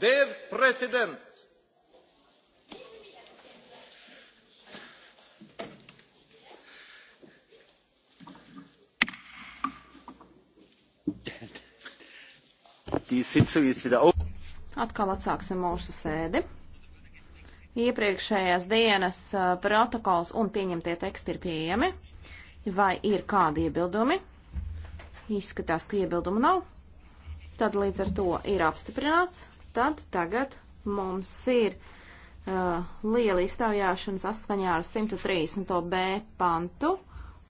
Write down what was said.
Dear President, Atkal atsāksim mūsu sēdi. Iepriekšējās dienas uh, protokols un pieņemtie teksti ir pieejami. Vai ir kādi iebildumi? Izskatās, ka iebildumu nav. Tad līdz ar to ir apstiprināts. Tad tagad mums ir uh, liela iztaujāšana saskaņā ar 130. b pantu.